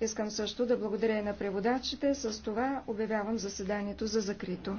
Искам също да благодаря и на преводачите. С това обявявам заседанието за закрито.